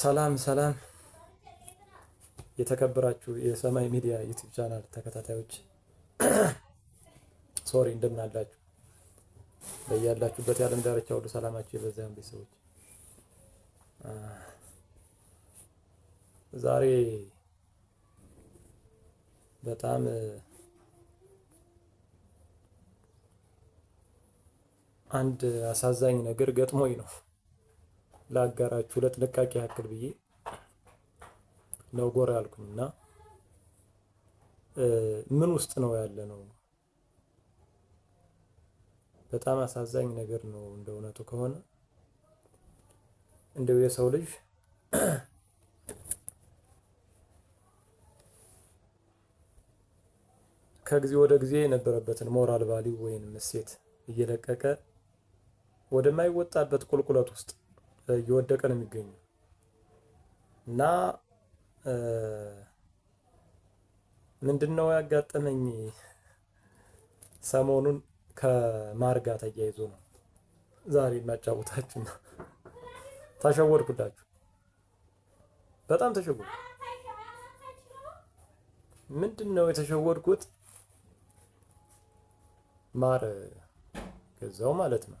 ሰላም ሰላም የተከበራችሁ የሰማይ ሚዲያ ዩቲዩብ ቻናል ተከታታዮች ሶሪ እንደምን አላችሁ? በያላችሁበት የዓለም ዳርቻ ሁሉ ሰላማችሁ የበዛ ያንቤ ዛሬ በጣም አንድ አሳዛኝ ነገር ገጥሞኝ ነው ለአጋራችሁ ለጥንቃቄ ያክል ብዬ ነው ጎራ ያልኩኝ እና ምን ውስጥ ነው ያለ ነው። በጣም አሳዛኝ ነገር ነው። እንደ እውነቱ ከሆነ እንደው የሰው ልጅ ከጊዜ ወደ ጊዜ የነበረበትን ሞራል ቫሊው ወይም እሴት እየለቀቀ ወደማይወጣበት ቁልቁለት ውስጥ እየወደቀ ነው የሚገኘው እና ምንድን ነው ያጋጠመኝ ሰሞኑን ከማር ጋር ተያይዞ ነው ዛሬ የማጫወታችሁ ነው። ተሸወድኩላችሁ፣ በጣም ተሸወድኩ። ምንድን ነው የተሸወድኩት? ማር ገዛው ማለት ነው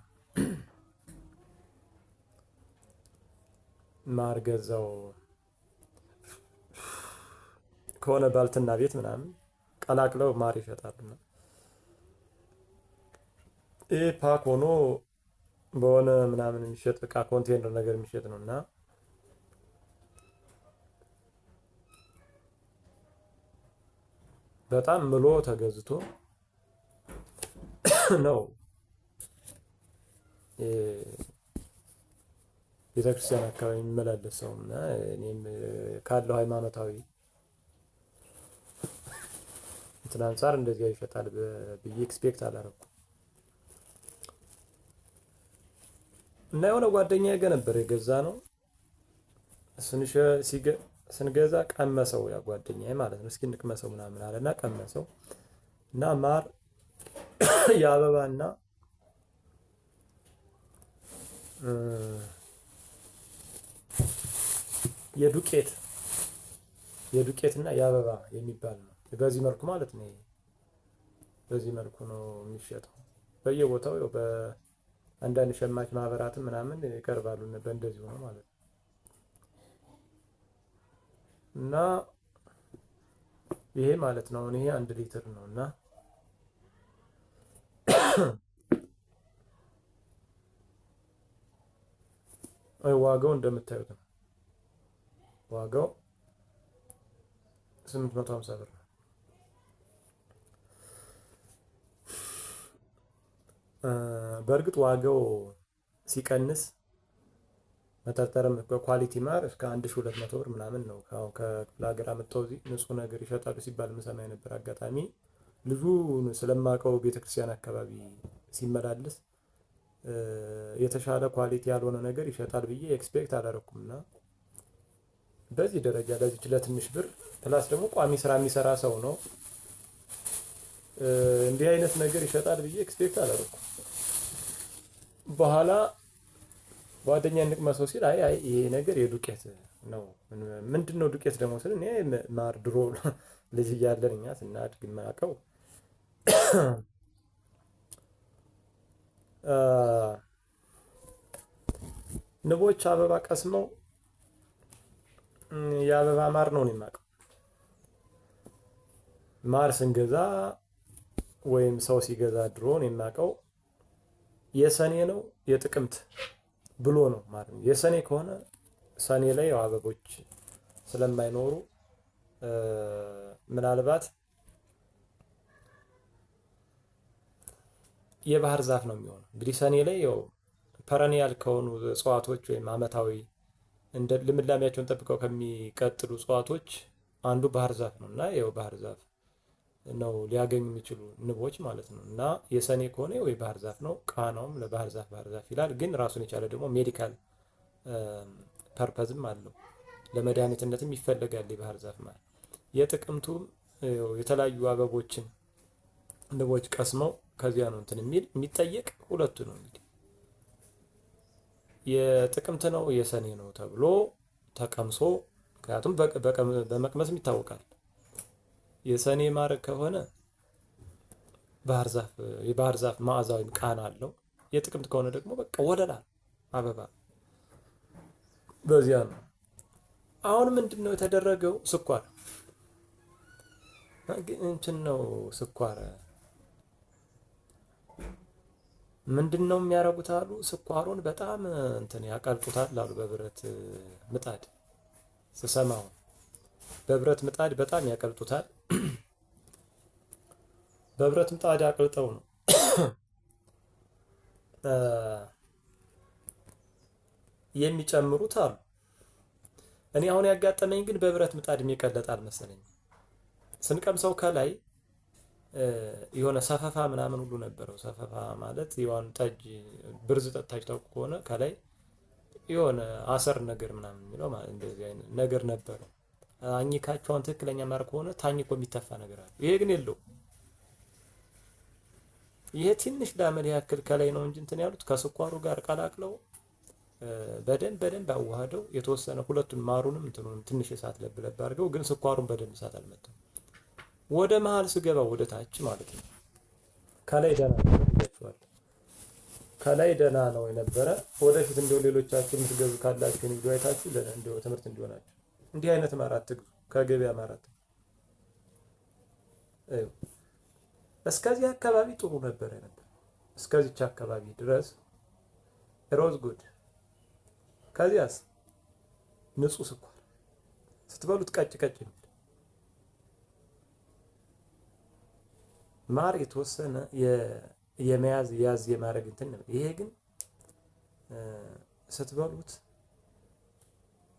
ማር ገዛው ከሆነ ባልትና ቤት ምናምን ቀላቅለው ማር ይሸጣሉና ይህ ፓክ ሆኖ በሆነ ምናምን የሚሸጥ እቃ ኮንቴነር ነገር የሚሸጥ ነው እና በጣም ምሎ ተገዝቶ ነው ቤተክርስቲያን አካባቢ የሚመላለስ ሰው እና እኔም ካለው ሃይማኖታዊ እንትን አንጻር እንደዚያ ይሸጣል ብዬ ኤክስፔክት አላረኩም። እና የሆነ ጓደኛ ገ ነበር የገዛ ነው ስንገዛ ቀመሰው፣ ያ ጓደኛ ማለት ነው። እስኪ እንቅመሰው ምናምን አለ እና ቀመሰው እና ማር የአበባና የዱቄት የዱቄትና የአበባ የሚባል ነው። በዚህ መልኩ ማለት ነው። በዚህ መልኩ ነው የሚሸጠው በየቦታው ያው በአንዳንድ ሸማች ማህበራትም ምናምን ይቀርባሉ በእንደዚሁ ነው ማለት ነው። እና ይሄ ማለት ነው ይሄ አንድ ሊትር ነው እና ዋጋው እንደምታዩት ነው። ዋጋው 850 ብር ነው። በእርግጥ ዋጋው ሲቀንስ መጠርጠርም በኳሊቲ ማር እስከ 1200 ብር ምናምን ነው። አሁን ከክፍለ ሀገር አመጣው እዚህ ንጹህ ነገር ይሸጣሉ ሲባል ምሰማ የነበር አጋጣሚ ልጁ ስለማውቀው ቤተክርስቲያን አካባቢ ሲመላለስ የተሻለ ኳሊቲ ያልሆነ ነገር ይሸጣል ብዬ ኤክስፔክት አላደረኩም እና በዚህ ደረጃ ለዚች ለትንሽ ብር ፕላስ ደግሞ ቋሚ ስራ የሚሰራ ሰው ነው። እንዲህ አይነት ነገር ይሸጣል ብዬ ኤክስፔክት አላደረኩም። በኋላ ጓደኛ እንቅመሰው ሲል አይ አይ ይሄ ነገር የዱቄት ነው። ምንድን ነው ዱቄት ደግሞ ስል እኔ ማር ድሮ ልጅ እያለን እኛ ስናድግ የማያውቀው ንቦች አበባ ቀስመው የአበባ ማር ነው የማውቀው። ማር ስንገዛ ወይም ሰው ሲገዛ ድሮን የማውቀው የሰኔ ነው የጥቅምት ብሎ ነው ማር። የሰኔ ከሆነ ሰኔ ላይ ያው አበቦች ስለማይኖሩ ምናልባት የባህር ዛፍ ነው የሚሆነው። እንግዲህ ሰኔ ላይ ያው ፐረኒያል ከሆኑ እጽዋቶች ወይም አመታዊ እንደ ልምላሜያቸውን ጠብቀው ከሚቀጥሉ እጽዋቶች አንዱ ባህር ዛፍ ነው እና ይኸው ባህር ዛፍ ነው ሊያገኙ የሚችሉ ንቦች ማለት ነው። እና የሰኔ ከሆነ ወይ ባህር ዛፍ ነው፣ ቃናውም ለባህር ዛፍ ባህር ዛፍ ይላል። ግን ራሱን የቻለ ደግሞ ሜዲካል ፐርፐዝም አለው፣ ለመድኃኒትነትም ይፈለጋል የባህር ዛፍ ማለት። የጥቅምቱ የተለያዩ አበቦችን ንቦች ቀስመው ከዚያ ነው እንትን የሚል የሚጠየቅ ሁለቱ ነው እንግዲህ የጥቅምት ነው የሰኔ ነው ተብሎ ተቀምሶ ምክንያቱም በመቅመስም ይታወቃል። የሰኔ ማር ከሆነ የባህር ዛፍ መዓዛ ወይም ቃና አለው። የጥቅምት ከሆነ ደግሞ በቃ ወለላ አበባ በዚያ ነው። አሁን ምንድን ነው የተደረገው? ስኳር እንትን ነው ስኳር ምንድን ነው የሚያደርጉት አሉ። ስኳሩን በጣም እንትን ያቀልጡታል አሉ። በብረት ምጣድ ስሰማው በብረት ምጣድ በጣም ያቀልጡታል። በብረት ምጣድ አቅልጠው ነው የሚጨምሩት አሉ። እኔ አሁን ያጋጠመኝ ግን በብረት ምጣድ የሚቀለጥ አልመሰለኝም። ስንቀምሰው ከላይ የሆነ ሰፈፋ ምናምን ሁሉ ነበረው። ሰፈፋ ማለት የዋን ጠጅ ብርዝ ጠጣች ታውቁ ከሆነ ከላይ የሆነ አሰር ነገር ምናምን የሚለው እንደዚህ አይነት ነገር ነበረው። አኝካቸውን ትክክለኛ ማር ከሆነ ታኝኮ የሚተፋ ነገር አለ። ይሄ ግን የለው። ይሄ ትንሽ ዳመድ ያክል ከላይ ነው እንጂ እንትን ያሉት ከስኳሩ ጋር ቀላቅለው በደንብ በደንብ አዋህደው የተወሰነ ሁለቱን ማሩንም እንትኑንም ትንሽ እሳት ለብለብ አድርገው ግን ስኳሩን በደንብ እሳት አልመጣም። ወደ መሀል ስገባ ወደ ታች ማለት ነው። ከላይ ደህና ነው ከላይ ደህና ነው የነበረ ወደፊት እንደው ሌሎቻችሁ የምትገዙ ካላችሁ ንግዱ አይታችሁ እንደው ትምህርት እንዲሆናችሁ እንዲህ አይነት ማራት ትግዙ ከገበያ ማራት እስከዚህ አካባቢ ጥሩ ነበረ ነበር። እስከዚች አካባቢ ድረስ ሮዝ ጉድ። ከዚያስ ንጹህ ስኳር ስትበሉት ቀጭ ቀጭ ነው። ማር የተወሰነ የመያዝ ያዝ የማድረግ እንትን ነው። ይሄ ግን ስትበሉት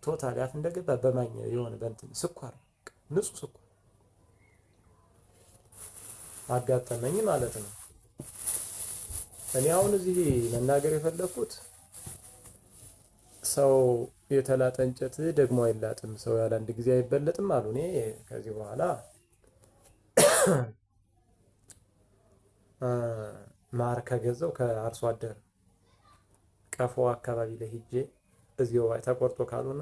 ቶታል አፍ እንደገባ በማኘ የሆነ በእንትን ስኳር ንጹህ ስኳር አጋጠመኝ ማለት ነው። እኔ አሁን እዚህ መናገር የፈለኩት ሰው የተላጠ እንጨት ደግሞ አይላጥም፣ ሰው ያለ አንድ ጊዜ አይበለጥም አሉ። እኔ ከዚህ በኋላ ማር ከገዛው ከአርሶ አደር ቀፎ አካባቢ ላይ ሂጄ እዚያው ተቆርጦ ካልሆነ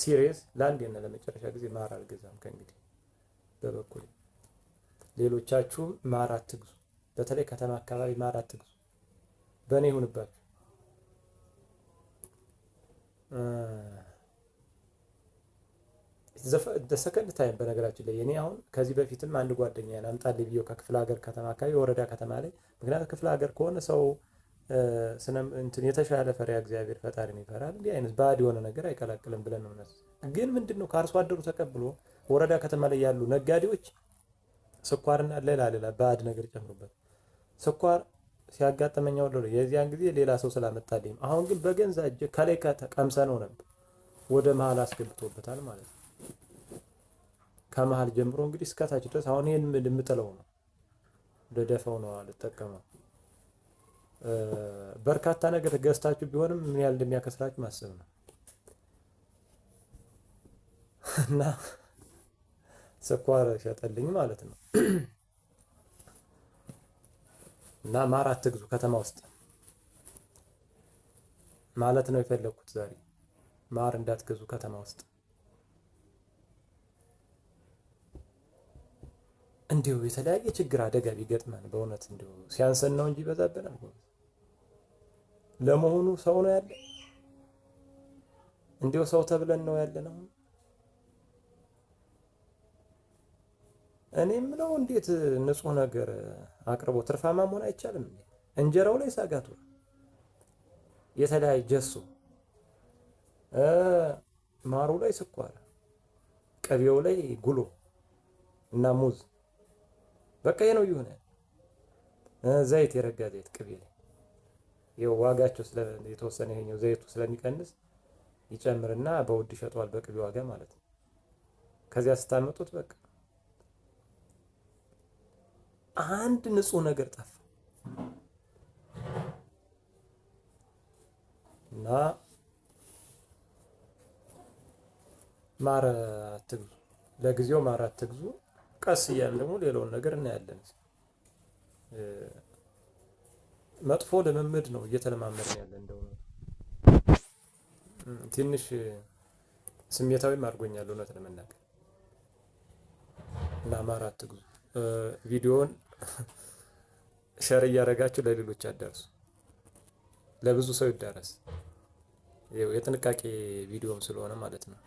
ሲሪየስ ለአንዴና ለመጨረሻ ጊዜ ማር አልገዛም ከእንግዲህ በበኩል ሌሎቻችሁ ማር አትግዙ። በተለይ ከተማ አካባቢ ማር አትግዙ። በእኔ ይሁንባችሁ። ሰከንድ ታይም በነገራችን ላይ እኔ አሁን ከዚህ በፊትም አንድ ጓደኛ አምጣልኝ ብዬው ከክፍለ ሀገር ከተማ አካባቢ የወረዳ ከተማ ላይ ምክንያቱም ክፍለ ሀገር ከሆነ ሰው እንትን የተሻለ ፈሪያ እግዚአብሔር ፈጣሪን ይፈራል። እንዲህ አይነት ባዕድ የሆነ ነገር አይቀላቅልም ብለን ነው ምነት ግን ምንድን ነው ከአርሶ አደሩ ተቀብሎ ወረዳ ከተማ ላይ ያሉ ነጋዴዎች ስኳርና ሌላ ሌላ ባዕድ ነገር ይጨምሩበት። ስኳር ሲያጋጠመኝ ወለደ የዚያን ጊዜ ሌላ ሰው ስላመጣልኝ፣ አሁን ግን በገንዛ እጄ ከላይ ቀምሰ ነው ነበር ወደ መሀል አስገብቶበታል ማለት ነው። ከመሀል ጀምሮ እንግዲህ እስከታች ድረስ አሁን ይሄን የምጥለው ነው ደደፈው ነው ልጠቀመው። በርካታ ነገር ገዝታችሁ ቢሆንም ምን ያህል እንደሚያከስራችሁ ማሰብ ነው እና ስኳር ሸጠልኝ ማለት ነው። እና ማር አትግዙ ከተማ ውስጥ ማለት ነው የፈለግኩት ዛሬ ማር እንዳትገዙ ከተማ ውስጥ እንዲሁ የተለያየ ችግር አደጋ ቢገጥመን በእውነት እንዲሁ ሲያንሰን ነው እንጂ ይበዛብናል። ለመሆኑ ሰው ነው ያለ? እንዲሁ ሰው ተብለን ነው ያለ ነው? እኔ የምለው እንዴት ንጹህ ነገር አቅርቦ ትርፋማ መሆን አይቻልም? እንጀራው ላይ ሳጋቱ የተለያየ ጀሶ ማሩ ላይ ስኳር፣ ቅቤው ላይ ጉሎ እና ሙዝ በቃ ይሄ ነው ይሁን። ዘይት የረጋ ዘይት ቅቤ ላይ ይኸው ዋጋቸው የተወሰነ ይሄኛው ዘይቱ ስለሚቀንስ ይጨምርና በውድ ይሸጠዋል፣ በቅቤ ዋጋ ማለት ነው። ከዚያ ስታመጡት በቃ አንድ ንጹህ ነገር ጠፋ እና ማር አትግዙ፣ ለጊዜው ማር አትግዙ። ቀስ እያለ ደግሞ ሌላውን ነገር እናያለን። መጥፎ ልምምድ ነው እየተለማመድን ያለ እንደው ትንሽ ስሜታዊም አድርጎኛል እውነት ለመናገር እና አማራ ቪዲዮውን ሸር እያደረጋችሁ ለሌሎች አዳርሱ፣ ለብዙ ሰው ይዳረስ። የጥንቃቄ ቪዲዮም ስለሆነ ማለት ነው።